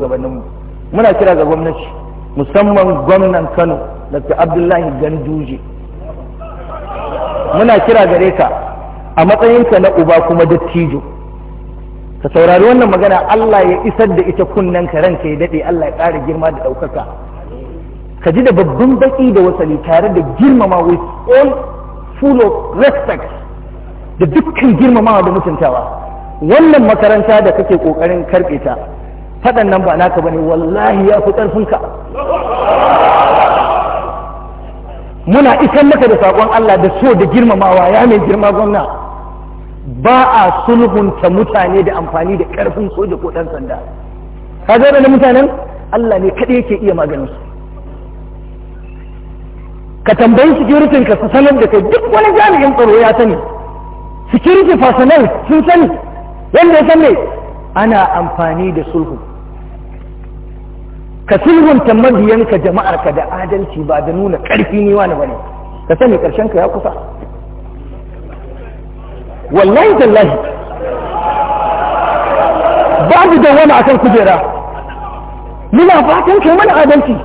gabaninmu muna kira ga gwamnati musamman gwamnan kano dr abdullahi ganduje muna kira gare ka a matsayinka na uba kuma dattijo ka saurari wannan magana allah ya isar da ita kunnen ka ranka ya daɗe allah ya ƙara girma da ɗaukaka ka ji da babban baƙi da wasali tare da girmama with all full of respect da dukkan girmamawa da mutuntawa wannan makaranta da kake ƙoƙarin karɓe ta faɗan nan ba naka bane wallahi ya fi ƙarfinka muna isan maka da saƙon Allah da so da girmamawa ya mai girma gwamna ba a sulhunta mutane da amfani da ƙarfin soja ko ɗan sanda ka zo da mutanen Allah ne kaɗai yake iya maganin su ka tambayi sikiritin ka su sanar da kai duk wani jami'in tsaro ya sani security personnel sun sani wanda ya san ana amfani da sulhu ka sulhunta mabiyanka jama'arka da adalci ba da nuna ƙarfi ni wani bane ka sani ƙarshen ka ya kusa wallahi tallahi babu da wani akan kujera muna fatan kai mana adalci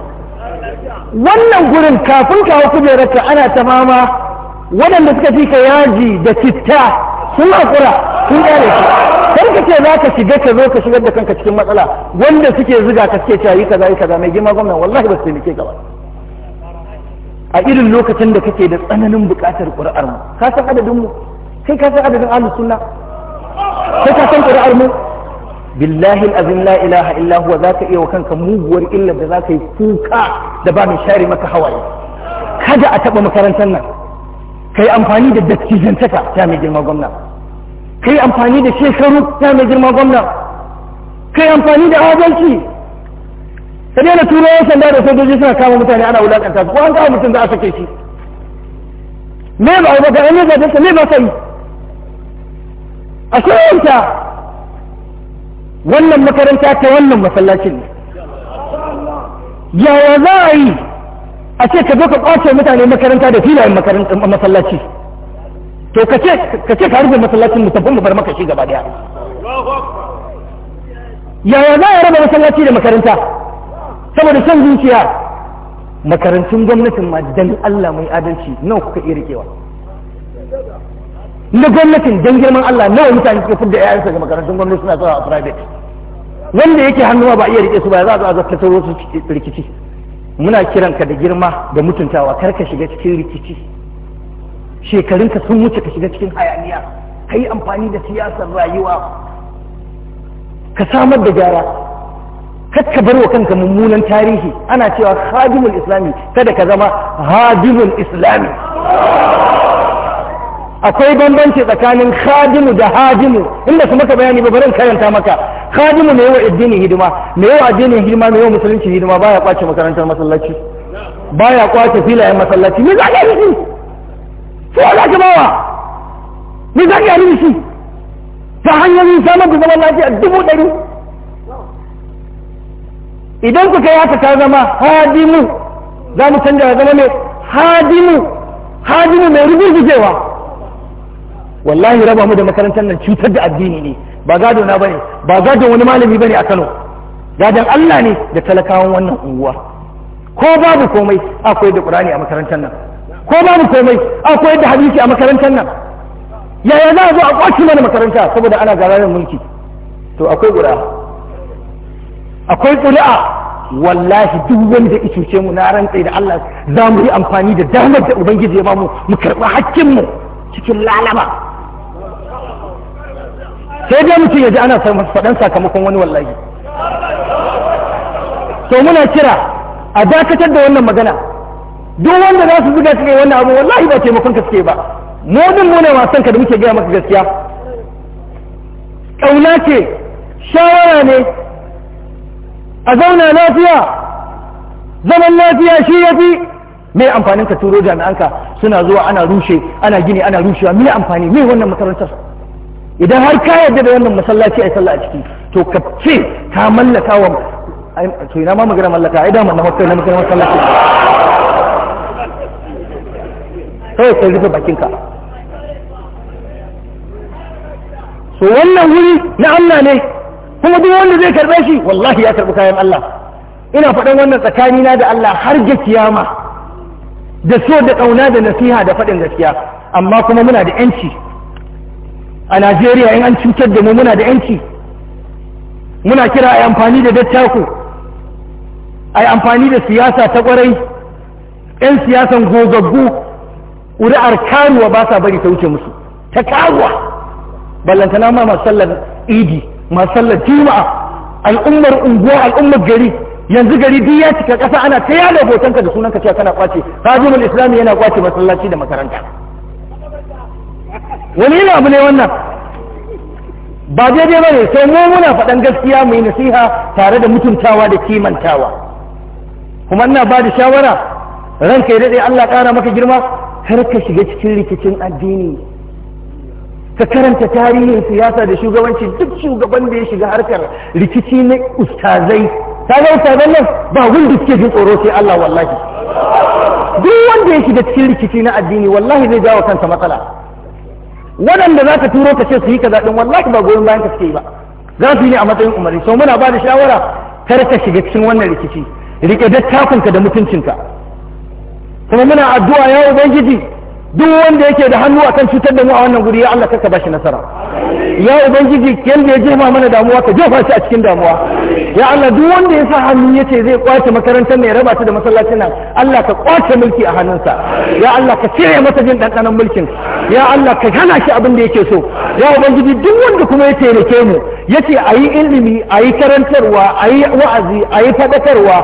wannan gurin kafin hau kujerarka ana ta mama waɗanda suka fi ka yaji da citta sun haƙura sun ƙare shi ka ce za ka shiga ka zo ka shigar da kanka cikin matsala wanda suke zuga ka suke cewa yi kaza yi kaza mai girma gwamna wallahi ba su taimake ka ba a irin lokacin da kake da tsananin buƙatar ƙuri'ar mu ka san adadin mu kai ka san adadin ahlus sunna kai ka san ƙuri'ar mu billahi azim la ilaha illa huwa zaka iya wa kanka muguwar illar da zaka yi kuka da ba mai share maka hawaye kada a taba makarantar nan kai amfani da dattijantaka ta mai girma gwamna Ka yi amfani da shekaru ya mai girma gwamna ka yi amfani da adalci ka daina turo yan sanda da sojoji suna kama mutane ana wulakanta su ko an kama mutum za a sake shi me ba a baka ne ba ta me ba sai a koyanta wannan makaranta ta wannan masallacin ne yaya za a yi a ce ka zo ka kwace mutane makaranta da filayen masallaci to ka ce ka rufe masallacin mu tafi mu bar maka shi gaba daya yaya za a raba masallaci da makaranta saboda son zuciya makarantun gwamnatin ma dan Allah mai adalci nawa kuka iya rikewa na gwamnatin dan girman Allah nawa mutane suka fidda ƴaƴansu ga makarantun gwamnati suna zuwa a private wanda yake hannuwa ba iya rike su ba za a zo a zaftatar wasu rikici muna kiranka da girma da mutuntawa kar ka shiga cikin rikici shekarunka sun wuce ka shiga cikin hayaniya ka yi amfani da siyasar rayuwa ka samar da gyara ka bar wa kanka mummunan tarihi ana cewa hadimul islami kada ka zama hadimul islami akwai bambanci tsakanin hadimu da hadimu inda su maka bayani ba barin karanta maka hadimu ne yawa addinin hidima ne yawa addinin hidima ne yawa musulunci hidima baya kwace makarantar masallaci baya kwace filayen masallaci me za ka yi to za ka bawa ni za ka yi shi ta hanyoyin samun da zaman lafiya dubu ɗari idan kuka yi haka ta zama hadimu za mu canja zama mai hadimu hadimu mai rubirgijewa wallahi raba mu da makarantar nan cutar da addini ne ba gado na bane ba gado wani malami bane a Kano gadon Allah ne da talakawan wannan unguwa ko babu komai akwai da Qur'ani a makarantar nan ko babu komai a koyar da hadisi a makarantar nan yaya za a zo a kwaci mana makaranta saboda ana gararin mulki to akwai ƙuri'a akwai ƙuri'a wallahi duk wanda ya cuce mu na rantsai da Allah za mu yi amfani da damar da ubangiji ya ba mu mu karɓi hakkin mu cikin lalama sai dai mutum ya ji ana faɗan sakamakon wani wallahi to muna kira a dakatar da wannan magana duk wanda za su zuga cikin wannan abu wallahi ba taimakon ka suke ba mu din mu ne wasan ka da muke gaya maka gaskiya kauna ce shawara ne a zauna lafiya zaman lafiya shi yafi mai amfanin ka turo jami'anka suna zuwa ana rushe ana gini ana rushewa me amfani me wannan makarantar idan har ka yadda da wannan masallaci a sallah a ciki to ka ce ka mallaka wa to ina ma magana mallaka ai da mun na masallaci kawai sai rufe bakinka so wannan wuri na Allah ne kuma duk wanda zai karɓe shi wallahi ya karɓi kayan Allah ina faɗan wannan tsakanina da Allah har ga kiyama da so da ƙauna da nasiha da faɗin gaskiya amma kuma muna da yanci a Najeriya in an cutar da mu muna da yanci muna kira a amfani da dattako a amfani da siyasa ta ƙwarai 'yan siyasan gogaggu ƙuri'ar karuwa ba sa bari ta wuce musu ta karuwa ballantana ma masallar idi masallar sallar juma'a al'ummar unguwa al'ummar gari yanzu gari duk ya cika ƙasa ana ta yada hotonka da sunanka cewa kana kwace kazumul islami yana kwace masallaci da makaranta wani irin abu ne wannan ba daidai ba ne sai mu muna faɗan gaskiya mai nasiha tare da mutuntawa da kimantawa kuma ina ba da shawara ranka ya daɗe Allah ƙara maka girma kar ka shiga cikin rikicin addini ka karanta tarihin siyasa da shugabanci duk shugaban da ya shiga harkar rikici na ustazai ta ga ustazan nan ba wanda suke jin tsoro sai Allah wallahi duk wanda ya shiga cikin rikici na addini wallahi zai jawo kansa matsala waɗanda za ka turo ka ce su yi ka din wallahi ba goyon bayan ka suke yi ba za su yi ne a matsayin umarni sau muna ba da shawara kar ka shiga cikin wannan rikici rike dattakunka da mutuncinka kuma muna addu'a ya ubangiji duk wanda yake da hannu akan cutar da mu a wannan guri ya Allah kaka bashi nasara ya ubangiji yanda ya jefa mana damuwa ka jefa shi a cikin damuwa ya Allah duk wanda ya sa hannu ya ce zai kwace makarantar ne ya raba ta da masallacin nan Allah ka kwace mulki a hannunsa ya Allah ka cire masa jin dandanan mulkin ya Allah ka hana shi abin da yake so ya ubangiji duk wanda kuma ya taimake mu ya ce a yi ilimi a yi karantarwa a yi wa'azi a yi faɗakarwa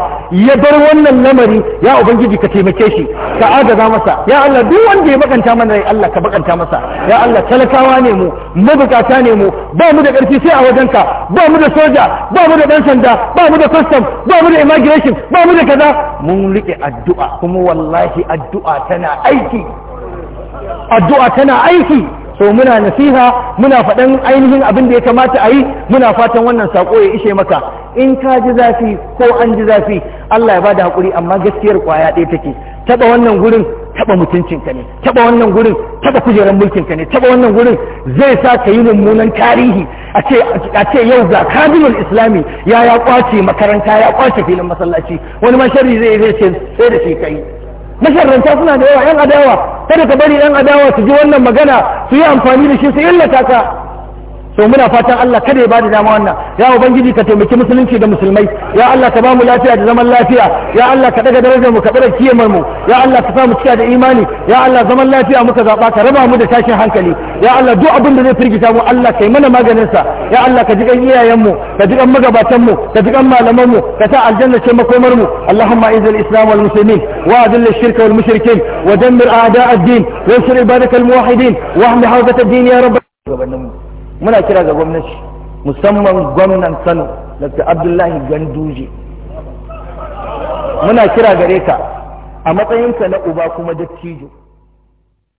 ya bar wannan lamari ya ubangiji ka taimake shi ka agaza masa ya Allah duk wanda ya bakanta mana rai Allah ka bakanta masa ya Allah talakawa ne mu mabukata ne mu ba mu da ƙarfi sai a wajenka ba mu da soja ba mu da ɗan sanda da ba mu da custom ba mu da immigration ba mu da kaza mun rike addu'a kuma wallahi addu'a tana aiki addu'a tana aiki so muna nasiha muna faɗan ainihin abin da ya kamata a yi muna fatan wannan sako ya ishe maka in ka ji zafi ko an ji zafi Allah ya bada hakuri amma gaskiyar kwaya ɗaya take taɓa wannan gurin taba mutuncinka ne taba wannan gurin taba kujerar mulkinka ne taba wannan gurin zai sa ka yi mummunan tarihi a ce yau ga kabilul islami ya ya kwace makaranta ya kwace filin masallaci wani ma sharri zai zai ce sai da shi kai masharranta suna da yawa yan adawa kada ka bari yan adawa su ji wannan magana su yi amfani da shi su illata ka so muna fatan Allah kada ya bada dama wannan ya ubangiji ka taimaki musulunci da musulmai ya Allah ka bamu lafiya da zaman lafiya ya Allah ka daga darajar mu ka daga kiyamar mu ya Allah ka samu cika da imani ya Allah zaman lafiya muka zaba ka raba mu da tashin hankali ya Allah duk abin da zai firgita mu Allah kai mana maganin sa ya Allah ka jigan iyayen mu ka jigan magabatan mu ka jigan malaman mu ka sa aljanna ce makomar mu Allahumma izil islam wal muslimin wa adil ash-shirk wal mushrikin wa dammir a'da ad-din wa ansur ibadak al-muwahhidin wa ahmi hawzat ad-din ya muna kira ga gwamnati musamman gwamnan kano dr abdullahi ganduje muna kira gare ka a matsayinka na uba kuma dattijo